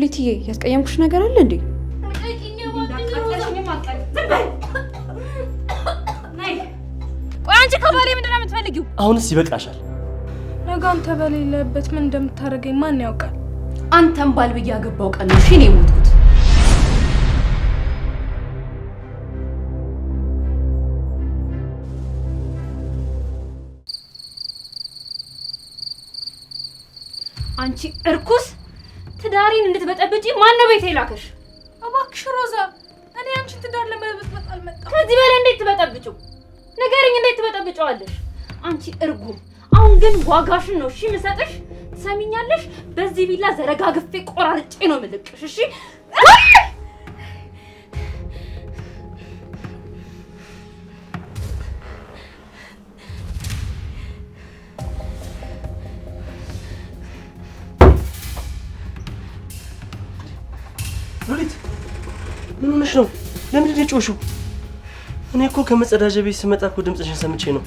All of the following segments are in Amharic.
ሉሊትዬ ያስቀየምኩሽ ነገር አለ እንዴ? ቆይ አንቺ ከባሌ ምንድን ነው የምትፈልጊው? አሁንስ ይበቃሻል። ነገ አንተ ምን እንደምታደርገኝ ማን ያውቃል? አንተም ባል ብዬ ያገባው ቀን ነው ሽን የሞትኩት። አንቺ እርኩስ ትዳሬን እንድትበጠብጪ ማን ነው ቤቴ ላከሽ? እባክሽ ሮዛ፣ እኔ አንቺን ትዳር ለመበጥበጥ አልመጣም። ከዚህ በላይ እንዴት ትበጠብጪው? ንገሪኝ፣ እንዴት ትበጠብጪዋለሽ? አንቺ እርጉም! አሁን ግን ዋጋሽን ነው እሺ የምሰጥሽ። ትሰሚኛለሽ? በዚህ ቢላ ዘረጋግፌ ቆራርጬ ነው የምልቅሽ እሺ የምትጮሽው? እኔ እኮ ከመጸዳጃ ቤት ስመጣ እኮ ድምፅሽን ሰምቼ ነው።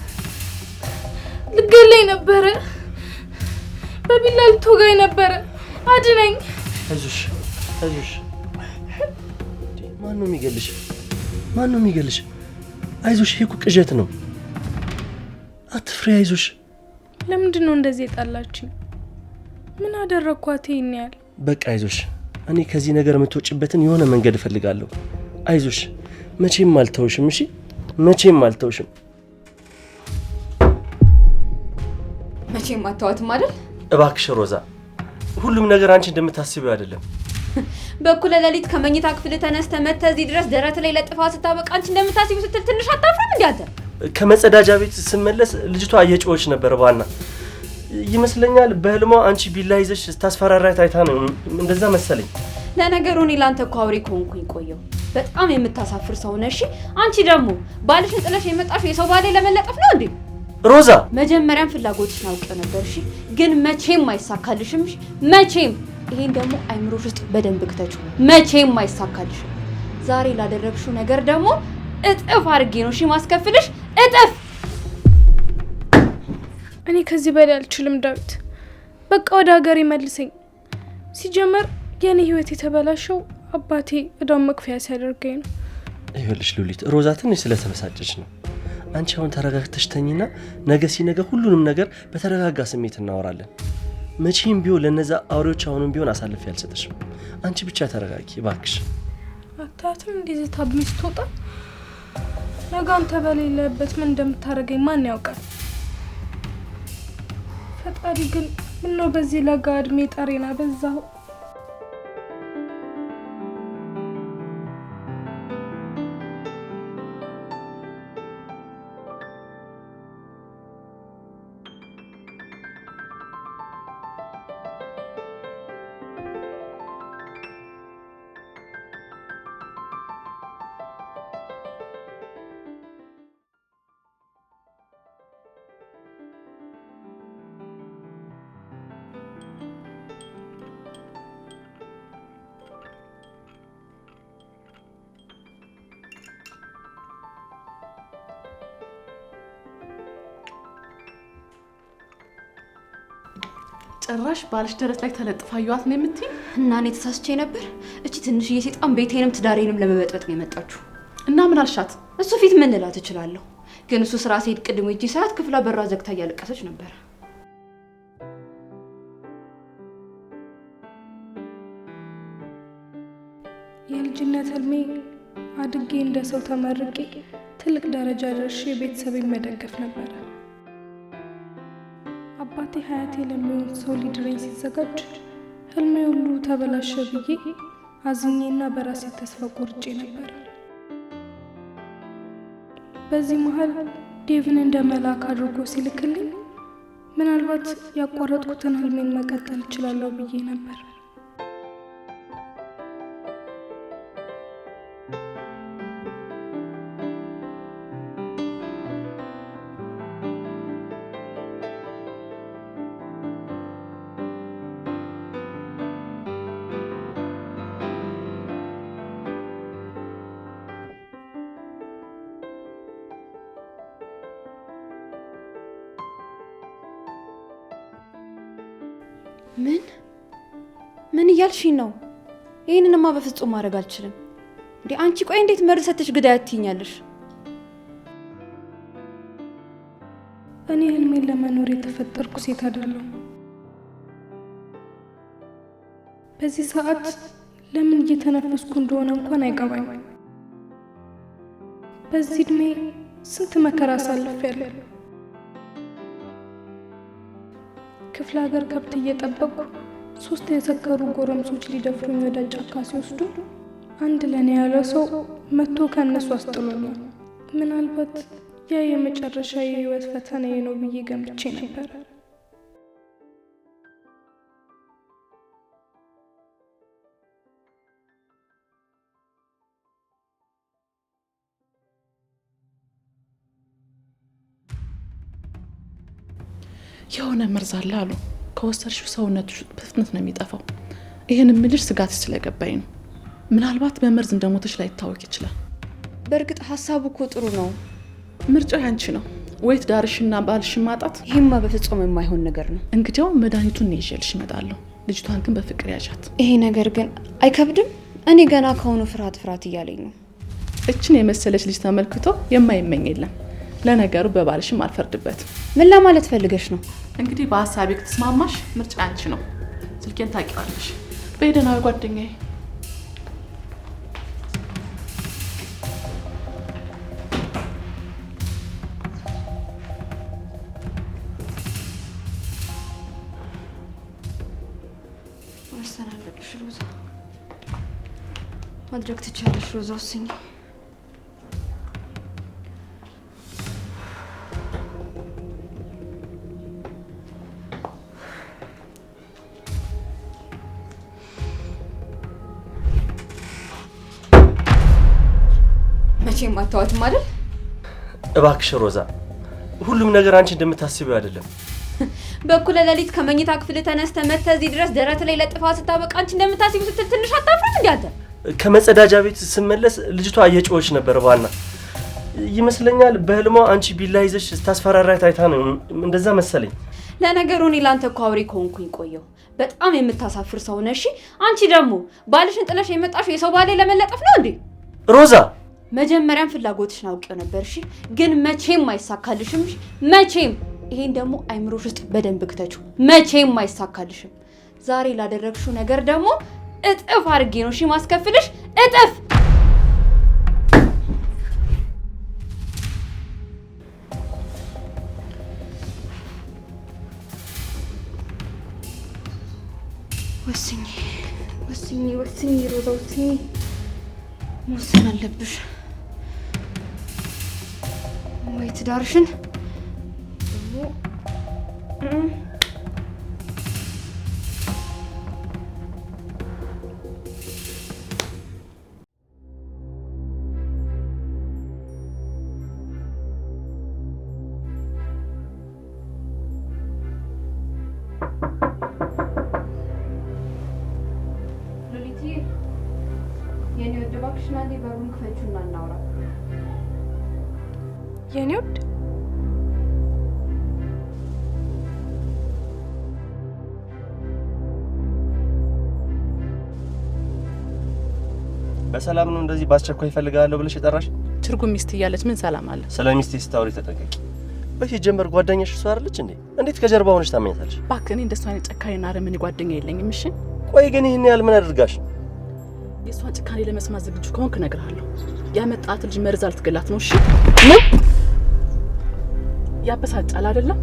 ልገለኝ ነበረ። በቢላ ልትወጋኝ ነበረ። አድነኝ። አይዞሽ፣ አይዞሽ። ማን ነው የሚገልሽ? ማን ነው የሚገልሽ? አይዞሽ፣ ይሄ እኮ ቅዠት ነው። አትፍሬ፣ አይዞሽ። ለምንድን ነው እንደዚህ የጣላችኝ? ምን አደረግኳት ይሄን ያህል? በቃ አይዞሽ። እኔ ከዚህ ነገር የምትወጭበትን የሆነ መንገድ እፈልጋለሁ። አይዞሽ መቼም አልተውሽም። እሺ፣ መቼም አልተውሽም። መቼም አታዋትም አይደል? እባክሽ ሮዛ፣ ሁሉም ነገር አንቺ እንደምታስቢው አይደለም። በእኩለ ሌሊት ከመኝታ ክፍል ተነስተ መጥተህ እዚህ ድረስ ደረት ላይ ለጥፋ ስታበቃ አንቺ እንደምታስቢ ስትል ትንሽ አታፍርም? እንዲ አንተ ከመጸዳጃ ቤት ስመለስ ልጅቷ እየጮኸች ነበር። ባና ይመስለኛል በህልሟ አንቺ ቢላ ይዘሽ ስታስፈራራይ ታይታ ነው። እንደዛ መሰለኝ። ለነገሩ እኔ ለአንተ እኮ አውሬ ከሆንኩኝ ቆየሁ። በጣም የምታሳፍር ሰው ነሽ። አንቺ ደግሞ ባልሽን ጥለሽ የመጣሽው የሰው ባሌ ለመለጠፍ ነው እንዴ? ሮዛ፣ መጀመሪያም ፍላጎትሽን አውቄው ነበር። እሺ፣ ግን መቼም አይሳካልሽም። መቼም ይሄን ደግሞ አይምሮሽ ውስጥ በደንብ ክተችው። መቼም አይሳካልሽም። ዛሬ ላደረግሽው ነገር ደግሞ እጥፍ አድርጌ ነው እሺ ማስከፍልሽ፣ እጥፍ። እኔ ከዚህ በላይ አልችልም ዳዊት። በቃ ወደ ሀገር ይመልሰኝ። ሲጀመር የኔ ህይወት የተበላሸው አባቴ እዳውን መክፈያ ሲያደርገኝ ነው። ይኸውልሽ ሉሊት፣ ሮዛ ትንሽ ስለተበሳጨች ነው። አንቺ አሁን ተረጋግተሽ ተኝና ነገ ሲነገ ሁሉንም ነገር በተረጋጋ ስሜት እናወራለን። መቼም ቢሆን ለነዛ አውሬዎች አሁንም ቢሆን አሳልፌ አልሰጥሽም። አንቺ ብቻ ተረጋጊ እባክሽ። አታትም እንዲህ ዝታብኝ ስትወጣ ነገ አንተ በሌለበት ምን እንደምታደርገኝ ማን ያውቃል? ፈጣሪ ግን ምነው በዚህ ለጋ እድሜ ጠሬና በዛው ጭራሽ ባልሽ ደረት ላይ ተለጥፋ አየኋት ነው የምትይኝ? እና እኔ ተሳስቼ ነበር። እቺ ትንሽዬ ሴጣን ቤቴንም ትዳሬንም ለመበጥበጥ ነው የመጣችሁ። እና ምን አልሻት? እሱ ፊት ምን ልላት እችላለሁ? ግን እሱ ስራ ሲሄድ ቅድም እጂ ሰዓት ክፍላ በሯ ዘግታ እያለቀሰች ነበር። የልጅነት ህልሜ አድጌ እንደ ሰው ተመርቄ ትልቅ ደረጃ ደርሼ ቤተሰቤን መደገፍ ነበረ። አባቴ ሀያቴ ለሚሆን ሰው ሊድረኝ ሲዘጋጅ ህልሜ ሁሉ ተበላሸ ብዬ አዝኜና በራሴ ተስፋ ቆርጬ ነበር። በዚህ መሀል ዴቭን እንደ መልአክ አድርጎ ሲልክልኝ ምናልባት ያቋረጥኩትን ህልሜን መቀጠል እችላለሁ ብዬ ነበር። ምን ምን እያልሽኝ ነው? ይህንንማ በፍጹም ማድረግ አልችልም። እንዴ አንቺ ቆይ እንዴት መርዝ ሰተሽ ግዳይ ትይኛለሽ? እኔ ህልሜን ለመኖር የተፈጠርኩ ሴት አይደለሁም። በዚህ ሰዓት ለምን እየተነፈስኩ እንደሆነ እንኳን አይገባኝም። በዚህ እድሜ ስንት መከራ አሳልፌያለሁ። ክፍለ ሀገር ከብት እየጠበቅኩ ሶስት የሰከሩ ጎረምሶች ሊደፍሩኝ ወደ ጫካ ሲወስዱ አንድ ለእኔ ያለ ሰው መጥቶ ከእነሱ አስጥሎኛል። ምናልባት ያ የመጨረሻ የህይወት ፈተናዬ ነው ብዬ ገምቼ ነበር። የሆነ መርዝ አለ አሉ። ከወሰድሽው ሰውነት በፍጥነት ነው የሚጠፋው። ይህን ምልሽ ስጋት ስለገባኝ ነው። ምናልባት በመርዝ እንደሞተች ላይታወቅ ይችላል። በእርግጥ ሀሳቡ እኮ ጥሩ ነው። ምርጫው ያንቺ ነው። ወይ ትዳርሽና ባልሽን ማጣት። ይህማ በፍጹም የማይሆን ነገር ነው። እንግዲያው መድኃኒቱን ነው ይዤልሽ እመጣለሁ። ልጅቷን ግን በፍቅር ያዣት። ይሄ ነገር ግን አይከብድም? እኔ ገና ከሆኑ ፍርሃት ፍርሃት እያለኝ ነው። እችን የመሰለች ልጅ ተመልክቶ የማይመኝ የለም። ለነገሩ በባልሽም አልፈርድበትም። ምን ለማለት ፈልገሽ ነው? እንግዲህ በሀሳቤ ከተስማማሽ ምርጫ አንቺ ነው። ስልኬን ታውቂዋለሽ። በሄደናዊ ጓደኛዬ ማድረግ ትችያለሽ ሮዛ፣ ወስኚ መቼም አታዋትም አይደል? እባክሽ ሮዛ፣ ሁሉም ነገር አንቺ እንደምታስቢው አይደለም። በኩለ ሌሊት ከመኝታ ክፍል ተነስተ መጥተህ እዚህ ድረስ ደረት ላይ ለጥፋ ስታበቃ አንቺ እንደምታስቢው ስትል ትንሽ አታፍርም? እንዲ አንተ ከመጸዳጃ ቤት ስመለስ ልጅቷ እየጮኸች ነበር። ባና ይመስለኛል በህልሟ አንቺ ቢላ ይዘሽ ስታስፈራራይ ታይታ ነው እንደዛ መሰለኝ። ለነገሩ እኔ ላንተ እኮ አውሬ ከሆንኩኝ ቆየሁ። በጣም የምታሳፍር ሰው ነሽ። አንቺ ደግሞ ባልሽን ጥለሽ የመጣሽው የሰው ባሌ ለመለጠፍ ነው እንዴ ሮዛ? መጀመሪያም ፍላጎትሽን አውቄው ነበር። እሺ ግን መቼም አይሳካልሽም። መቼም ይሄን ደግሞ አይምሮሽ ውስጥ በደንብ ክተችው። መቼም አይሳካልሽም። ዛሬ ላደረግሽው ነገር ደግሞ እጥፍ አድርጌ ነው እሺ ማስከፍልሽ፣ እጥፍ። ወስኝ ወስኝ ወስኝ ሮዛ ወስኚ መወሰን አለብሽ። ወይ ትዳርሽን ደግሞ ሉሊትዬ የኔ ወደ እባክሽን በሩን ክፈችና እናውራ የኔ ውድ በሰላም ነው እንደዚህ በአስቸኳይ ይፈልጋለሁ ብለሽ የጠራሽ? ትርጉም ሚስት እያለች ምን ሰላም አለ? ስለ ሚስቴ ስታወሪ ተጠንቀቂ። በሲጀመር ጓደኛሽ እሷ አይደለች እንዴ? እንዴት ከጀርባ ሆነሽ ታመኛታለሽ? እባክህ እኔ እንደሷ አይነት ጨካሪና አረመኔ ጓደኛ የለኝም። እሺ ቆይ ግን ይህን ያህል ምን አድርጋሽ? የእሷን ጭካኔ ለመስማት ዝግጁ ከሆንክ እነግርሃለሁ። ያመጣት ልጅ መርዝ አልትገላት ነው። እሺ ያበሳጫል አይደለም?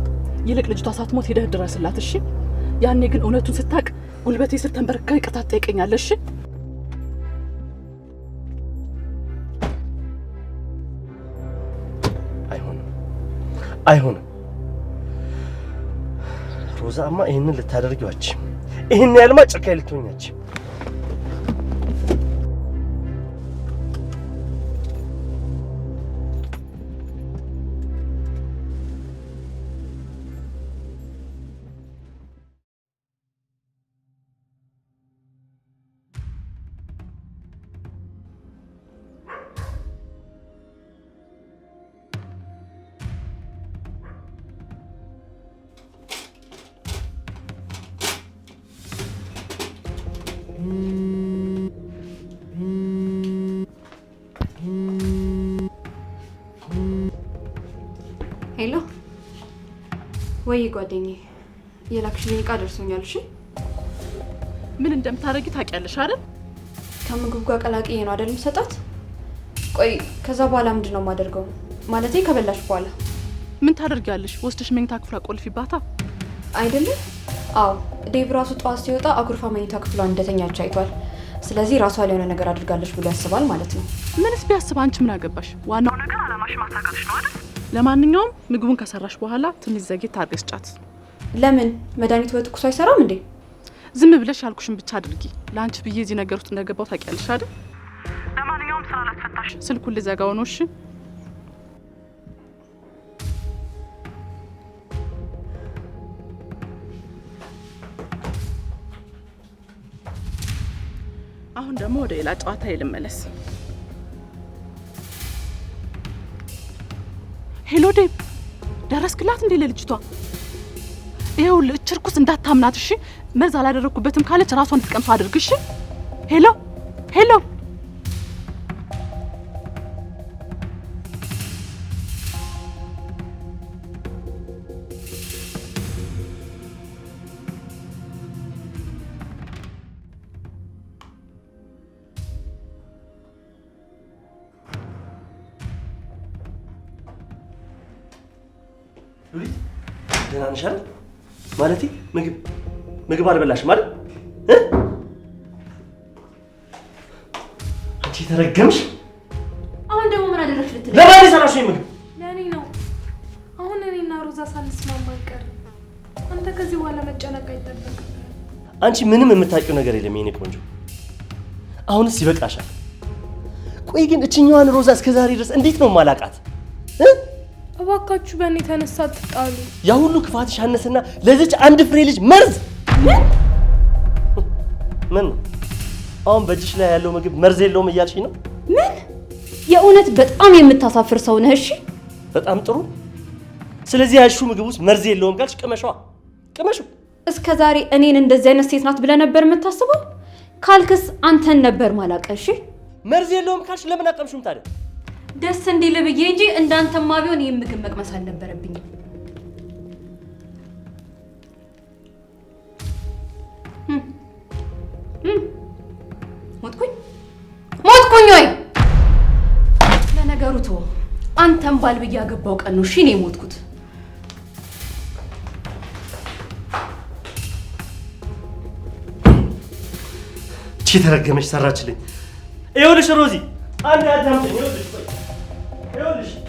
ይልቅ ልጅቷ ሳትሞት ሄደህ ድረስላት እሺ። ያኔ ግን እውነቱን ስታቅ ጉልበቴ ስር ተንበርክካ ይቅርታ ትጠይቀኛለሽ። አይሆንም፣ አይሆንም ሮዛማ፣ ይህንን ልታደርጊዋች ይህን ያልማ ጭካይ ልትሆኛች ሄሎ ወይ ጓደኝ የላክሽልኝ እቃ ደርሶኛል። እሺ ምን እንደምታደርጊ ታውቂያለሽ አይደል? ከምግብ ጋር ቀላቅዬ ነው አይደል የምሰጣት? ቆይ ከዛ በኋላ ምንድን ነው የማደርገው? ማለቴ ከበላሽ በኋላ ምን ታደርጊያለሽ? ወስደሽ መኝታ ክፍሏ ቆልፊባታ አይደለም? አዎ ዴቭ ራሱ ጠዋት ሲወጣ አኩርፋ መኝታ ክፍሏን እንደተኛች አይቷል። ስለዚህ ራሷ ሊሆነ ነገር አድርጋለች ብሎ ያስባል ማለት ነው። ምንስ ቢያስብ አንቺ ምን አገባሽ? ዋናው ነገር አላማሽ ማሳካትሽ ነው አይደል? ለማንኛውም ምግቡን ከሰራሽ በኋላ ትንሽ ዘጌት አድርገሽ ጫት። ለምን መድኃኒቱ በትኩሱ አይሰራም እንዴ? ዝም ብለሽ ያልኩሽን ብቻ አድርጊ። ለአንቺ ብዬ እዚህ ነገር ውስጥ እንደገባው ታውቂያለሽ አይደል? ለማንኛውም ስራ ላትፈታሽ፣ ስልኩን ልዘጋው ነው። እሺ አሁን ደግሞ ወደ ሌላ ጨዋታ ልመለስ። ሄሎ ዴብ፣ ደረስክላት እንዴ ለልጅቷ? ይኸውልህ እችርኩስ እንዳታምናት እሺ። መርዝ አላደረግኩበትም ካለች ራሷን ትቀምሶ አድርግ እሺ። ሄሎ ሄሎ ሉሊት ደህና ነሽ አይደል? ማለቴ ምግብ ምግብ አልበላሽም ማለት አንቺ የተረገምሽ! አሁን ደግሞ ምን አደረግሽ ልትለኝ? ለማን የሰራሽ ምግብ? ለእኔ ነው። አሁን እኔና ሮዛ ሳንስማማ አንቀርም። አንተ ከዚህ በኋላ መጨነቅ አይጠበቅም። አንቺ ምንም የምታውቂው ነገር የለም የኔ ቆንጆ። አሁንስ ይበቃሻል። ቆይ ግን እችኛዋን ሮዛ እስከዛሬ ድረስ እንዴት ነው ማላቃት? እባካችሁ በእኔ የተነሳ ትጣሉ። ያ ሁሉ ክፋትሽ አነሰና ለዚች አንድ ፍሬ ልጅ መርዝ ምን ምን? አሁን በእጅሽ ላይ ያለው ምግብ መርዝ የለውም እያልሽኝ ነው? ምን? የእውነት በጣም የምታሳፍር ሰው ነህ። እሺ፣ በጣም ጥሩ። ስለዚህ ያሹ ምግብ ውስጥ መርዝ የለውም ካልሽ ቅመሸዋ፣ ቅመሹ። እስከ ዛሬ እኔን እንደዚህ አይነት ሴት ናት ብለህ ነበር የምታስበው? ካልክስ አንተን ነበር ማላቀ። እሺ፣ መርዝ የለውም ካልሽ ለምን አቀምሹም ታዲያ? ደስ እንዲል ብዬ እንጂ እንዳንተማ ቢሆን ይህን ምግብ መቅመስ አልነበረብኝም። ሞትኩኝ ሞትኩኝ ወይ ለነገሩ ቶ አንተም ባል ብዬ ያገባው ቀን ነው እኔ የሞትኩት። ተረገመች ሰራችልኝ። ይኸውልሽ ሮዚ አንድ አዳምጠኝ። Eu lhes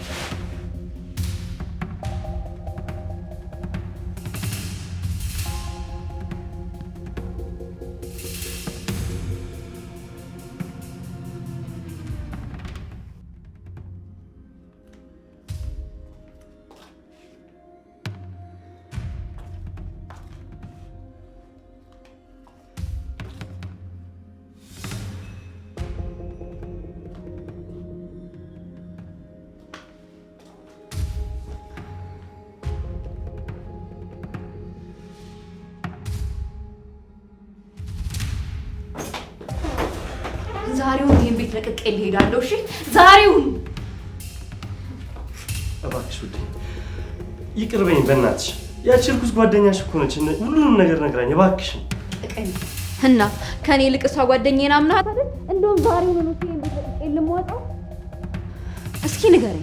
ቤት ለቅቄ ልሄዳለሁ። እሺ ዛሬውን እባክሽ ውዴ ይቅር በይኝ በእናትሽ። ያቺ እርኩስ ጓደኛሽ እኮ ነች ሁሉንም ነገር ነግራኝ። እባክሽ እና ከኔ ይልቅ እሷ ጓደኛዬ ናምናት አይደል? እንደውም ዛሬውን ነው ሲል ልመጣው። እስኪ ንገረኝ፣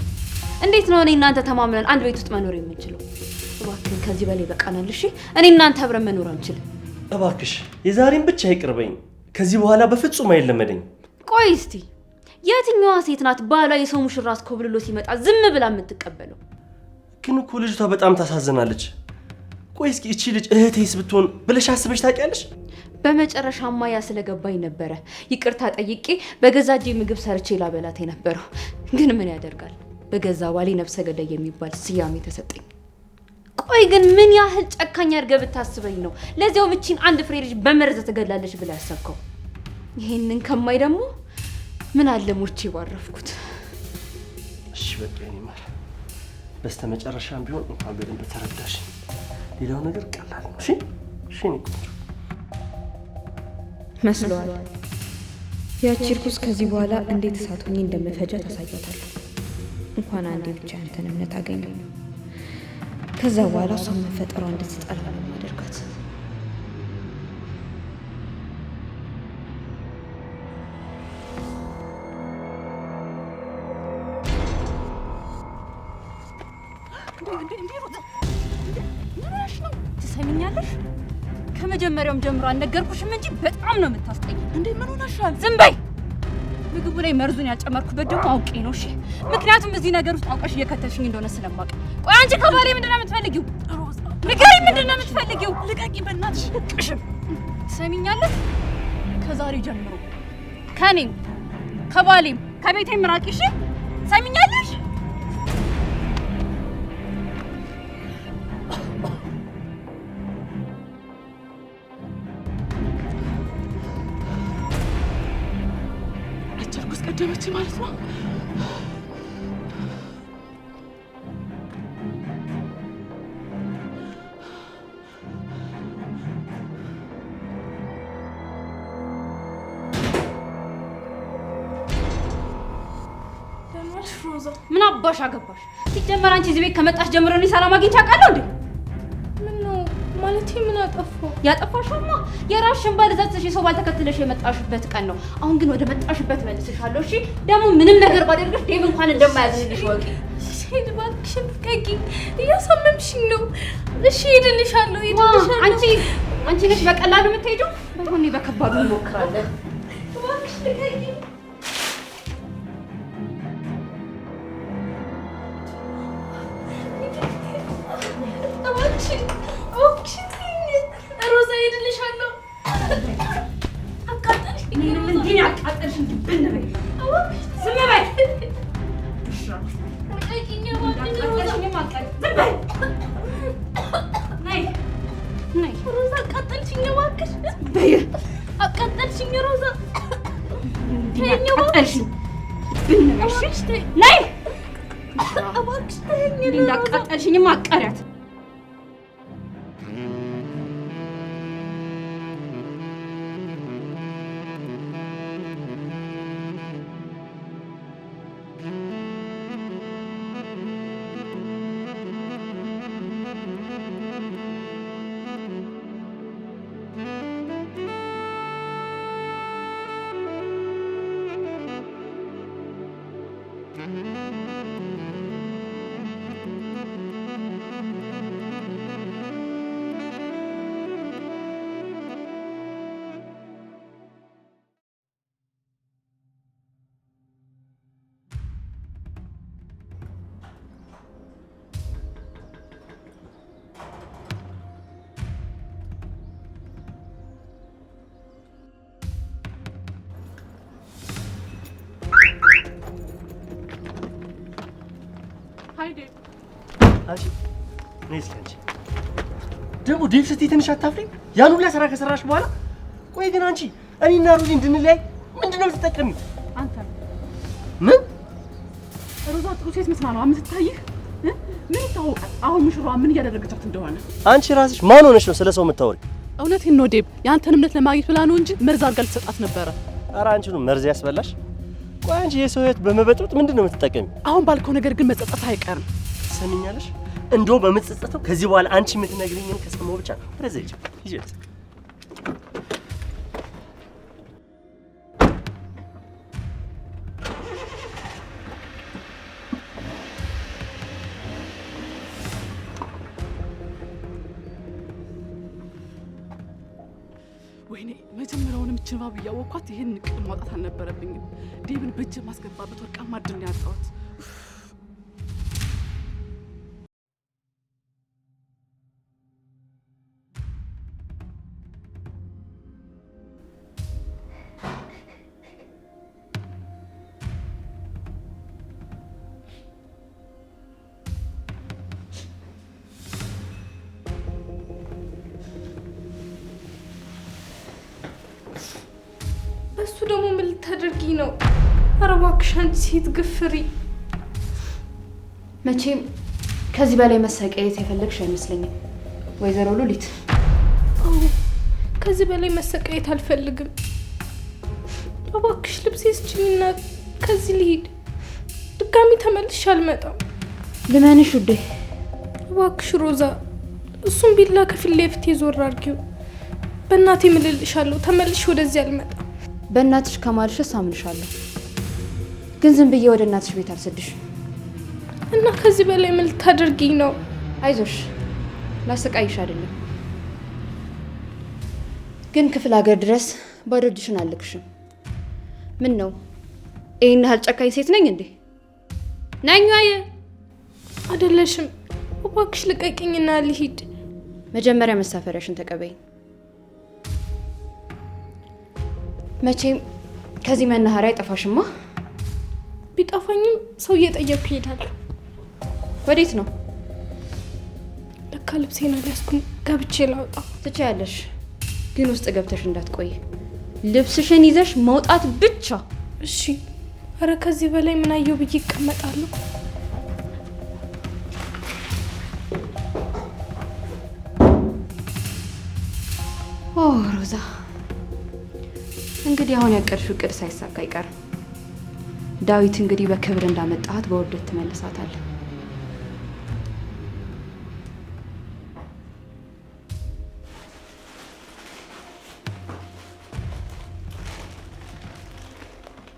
እንዴት ነው እኔ እናንተ ተማምነን አንድ ቤት ውስጥ መኖር የምንችለው? እባክህን ከዚህ በላይ በቃናል። እሺ እኔ እናንተ አብረን መኖር አንችልም። እባክሽ የዛሬን ብቻ ይቅር በይኝ። ከዚህ በኋላ በፍጹም አይለመደኝ ቆይ እስቲ የትኛዋ ሴት ናት ባሏ የሰው ሙሽራ አስኮብልሎ ሲመጣ ዝም ብላ የምትቀበለው? ግን እኮ ልጅቷ በጣም ታሳዝናለች። ቆይ እስኪ እቺ ልጅ እህቴስ ብትሆን ብለሽ አስበሽ ታውቂያለሽ? በመጨረሻማ ያ ስለገባኝ ነበረ ይቅርታ ጠይቄ በገዛ እጄ ምግብ ሰርቼ ላበላት የነበረው። ግን ምን ያደርጋል በገዛ ባሌ ነፍሰ ገዳይ የሚባል ስያሜ ተሰጠኝ። ቆይ ግን ምን ያህል ጨካኝ አድርገህ ብታስበኝ ነው ለዚያው እቺን አንድ ፍሬ ልጅ በመርዝ ትገላለች ብለህ ያሰብከው? ይህንን ከማይ ደግሞ ምን አለ ሞቼ ባረፍኩት። እሺ በቃ የኔ ማር፣ በስተ መጨረሻም ቢሆን እንኳን በደንብ ተረዳሽ። ሌላው ነገር ቀላል ነው። እሺ እሺ። እኔ ቆንጆ መስሏል። ያቺ እርኩስ ከዚህ በኋላ እንዴት እሳት ሆኜ እንደምፈጃት አሳያታለሁ። እንኳን አንዴ ብቻ ያንተን እምነት አገኘ። ከዛ በኋላ እሷ መፈጠሯ እንድትጠላ አሁን ጀምሮ አልነገርኩሽም እንጂ በጣም ነው የምታስጠኝ። እንዴ ምን ሆነሻል? ዝም በይ። ምግቡ ላይ መርዙን ያልጨመርኩበት ደግሞ አውቄ ነው። እሺ፣ ምክንያቱም እዚህ ነገር ውስጥ አውቀሽ እየከተልሽኝ እንደሆነ ስለማውቅ። ቆይ አንቺ ከባሌ ምንድን ነው የምትፈልጊው? ንገሪኝ፣ ምንድን ነው የምትፈልጊው? ልቀቂ በእናትሽ ልቅሽም። ትሰሚኛለሽ? ከዛሬ ጀምሮ ከኔም ከባሌም ከቤቴም ራቂሽ። ትሰሚኛለሽ? አባሽ አገባሽ? ሲጀመር አንቺ እዚህ ቤት ከመጣሽ ጀምሮ እኔ ሰላም አግኝቼ አውቃለሁ እንዴ? ምን ነው ምን አጠፋሁ? ያጠፋሽማ የራስሽን ባል ዘዝሽ የሰው ባልተከተለሽ የመጣሽበት ቀን ነው። አሁን ግን ወደ መጣሽበት መልስሻለሁ። እሺ ደግሞ ምንም ነገር ባደርግሽ ዴቭ እንኳን እንደማያዝንልሽ ወቂ። ሄድ እባክሽን፣ ከጊ እያሳመምሽኝ ነው። እሺ ሄድልሻለሁ፣ ሄድልሻለሁ። አንቺ አንቺ ነሽ በቀላሉ የምትሄጂው፣ ባይሆን በከባዱ እንሞክራለን። እባክሽን ከጊ ነይ እባክሽ ተይኝ እንዳቃጠልሽኝማ አቀሪያት አንቺ ነይ አንቺ ደግሞ ዴቭ ስትይ ትንሽ አታፍሪም? ያን ሁላ ስራ ከሰራሽ በኋላ ቆይ ግን አንቺ እኔና ሩዚ እንድንለያይ ምንድን ነው የምትጠቀሚው? አንተ ምን ሩዛ ጥሩ ሴት መስላ የምትታይህ? ምን ይታወቃል አሁን ሙሽራዋ ምን እያደረገቻት እንደሆነ። አንቺ ራስሽ ማን ሆነሽ ነው ስለ ሰው የምታወሪ? እውነቴን ነው ዴቭ፣ የአንተን እምነት ለማግኘት ብላ ነው እንጂ መርዝ አድርጋ ልትሰጣት ነበረ። ኧረ አንቺ ነው መርዝ ያስበላሽ። ቆይ አንቺ የሰው ህይወት በመበጥበጥ ምንድን ነው የምትጠቀሚው? አሁን ባልከው ነገር ግን መጸጸት አይቀርም። ትሰሚኛለሽ? እንዶ በምትጸጸተው ከዚህ በኋላ አንቺ የምትነግሪኝን ከሰማሁ ብቻ ወደዚያ ሂጅ። ይዤት ወይኔ መጀመሪያውንም እያወቅኳት ይህን ቅድ ማውጣት አልነበረብኝም። ዴብን በእጅ ማስገባበት ወርቃማ ድል ነው ያጣሁት። ነው። ኧረ እባክሽ አንቺ ሴት ግፍሪ። መቼም ከዚህ በላይ መሰቀየት የፈለግሽ አይመስለኝም ወይዘሮ ሉሊት። ከዚህ በላይ መሰቃየት አልፈልግም። እባክሽ ልብሴ ስጭኝና ከዚህ ልሂድ። ድጋሚ ተመልሼ አልመጣም። ልመንሽ ውዴ። እባክሽ ሮዛ፣ እሱም ቢላ ከፊት ለፊቴ ዞር አድርጊው። በእናቴ ምልልሻለሁ፣ ተመልሼ ወደዚህ አልመጣም። በእናትሽ ከማልሽስ ሳምንሻለሁ፣ ግን ዝም ብዬ ወደ እናትሽ ቤት አልሰድሽ እና ከዚህ በላይ ምን ልታደርጊኝ ነው? አይዞሽ፣ ላሰቃይሽ አይደለም፣ ግን ክፍለ ሀገር ድረስ ባዶ እጅሽን አልልክሽም። ምን ነው ይህን ያህል ጨካኝ ሴት ነኝ እንዴ? ናኛየ አይደለሽም። እባክሽ ልቀቅኝና ልሂድ። መጀመሪያ መሳፈሪያሽን ተቀበይኝ። መቼም ከዚህ መናኸሪያ አይጠፋሽማ። ቢጠፋኝም ሰው እየጠየቅኩ እሄዳለሁ። ወዴት ነው? ለካ ልብሴን አልያዝኩም። ገብቼ ላውጣ ትችያለሽ፣ ግን ውስጥ ገብተሽ እንዳትቆይ። ልብስሽን ይዘሽ መውጣት ብቻ እሺ። አረ ከዚህ በላይ ምን አየው ብዬ ይቀመጣሉ። ኦ ሮዛ እንግዲህ አሁን ያቀድሽው እቅድ ሳይሳካ አይቀርም። ዳዊት እንግዲህ በክብር እንዳመጣሃት በውርደት ትመልሳታለህ።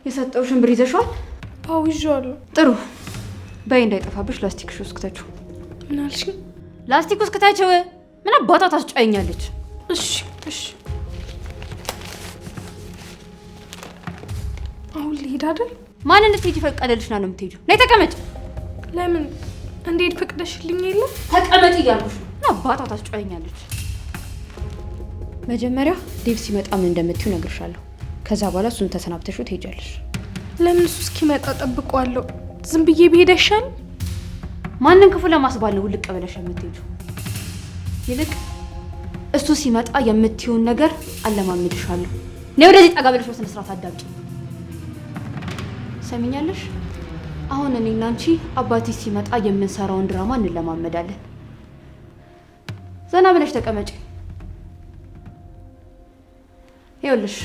የሰጠውሽን ብር ይዘሽዋል? አዎ ይዤዋለሁ። ጥሩ በይ፣ እንዳይጠፋብሽ ላስቲክሽ ውስጥ ክተችው። ምን አልሽኝ? ላስቲክ ውስጥ ምን አባቷ ታስጫኛለች? እሺ እሺ አሁን ልሄድ አይደል? ማን እንድትሄጂ ፈቀደልሽና ነው የምትሄጂው? ነይ ተቀመጭ። ለምን እንዴት ፈቅደሽልኝ? የለ ተቀመጭ እያልኩሽ ነው። አባቷ ታስጨኛለች። መጀመሪያ ዴቭ ሲመጣ ምን እንደምትዩ እነግርሻለሁ። ከዛ በኋላ እሱን ተሰናብተሽው ትሄጃለሽ። ለምን እሱ እስኪመጣ ጠብቀዋለሁ? ዝም ብዬ ብሄድ አይሻል? ማንን ክፉ ለማስባል ነው ውልቅ ብለሽ የምትሄጂው? ይልቅ እሱ ሲመጣ የምትዩን ነገር አለማምድሻለሁ። ነይ ወደዚህ ጠጋ ብለሽ በስነ ስርዓት አዳምጪ። ትሰሚኛለሽ? አሁን እኔና አንቺ አባቴ ሲመጣ የምንሰራውን ድራማ እንለማመዳለን። ዘና ብለሽ ተቀመጪ። ይኸውልሽ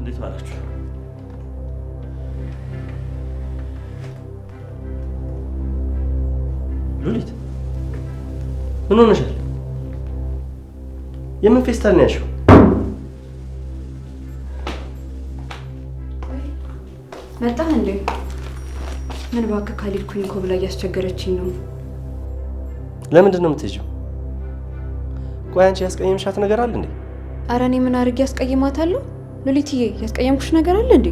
እንዴት አላችሁ? ምን ሆነሻል? የምን ፌስታል ነው ያልሽው? መጣህ እንዴ? ምን እባክህ ካልሄድኩኝ እኮ ብላ እያስቸገረችኝ ነው። ለምንድን ነው የምትሄጂው? ቆይ አንቺ ያስቀየምሻት ነገር አለ እንዴ? አረ እኔ ምን አድርጌ ያስቀይማታለሁ? ሉሊትዬ ያስቀየምኩሽ ነገር አለ እንዴ?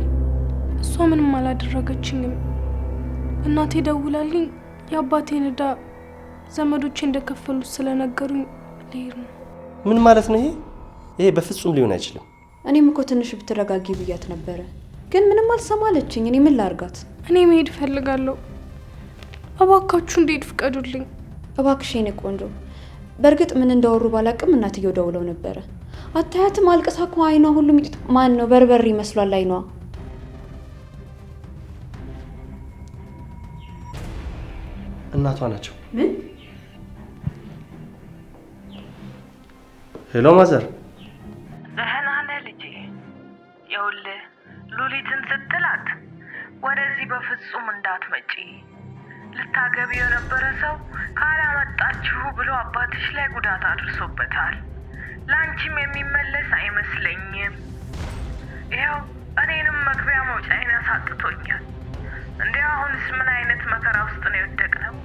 እሷ ምንም አላደረገችኝም። እናቴ ደውላልኝ የአባቴን እዳ ዘመዶቼ እንደከፈሉት ስለነገሩኝ ልሄድ ነው። ምን ማለት ነው ይሄ? ይሄ በፍጹም ሊሆን አይችልም። እኔም እኮ ትንሽ ብትረጋጊ ብያት ነበረ፣ ግን ምንም አልሰማለችኝ። እኔ ምን ላርጋት? እኔ መሄድ እፈልጋለሁ። እባካችሁ እንዴት ፍቀዱልኝ። እባክሽ የኔ ቆንጆ። በእርግጥ ምን እንዳወሩ ባላቅም እናትየው ደውለው ነበረ። አታያትም? አልቅሳ እኮ አይኗ ሁሉ ሚጥጥ ማን ነው በርበሬ ይመስሏል አይኗ። እናቷ ናቸው። ምን ሄሎ ማዘር፣ ደህና ልጄ? ይኸውልህ ሉሊትን ስትላት ወደዚህ በፍጹም እንዳትመጪ ልታገቢ የነበረ ሰው ካላመጣችሁ ብሎ አባትሽ ላይ ጉዳት አድርሶበታል። ለአንቺም የሚመለስ አይመስለኝም። ይኸው እኔንም መግቢያ መውጫዬን ያሳጥቶኛል። እንዲህ አሁንስ ምን አይነት መከራ ውስጥ ነው የወደቅነው?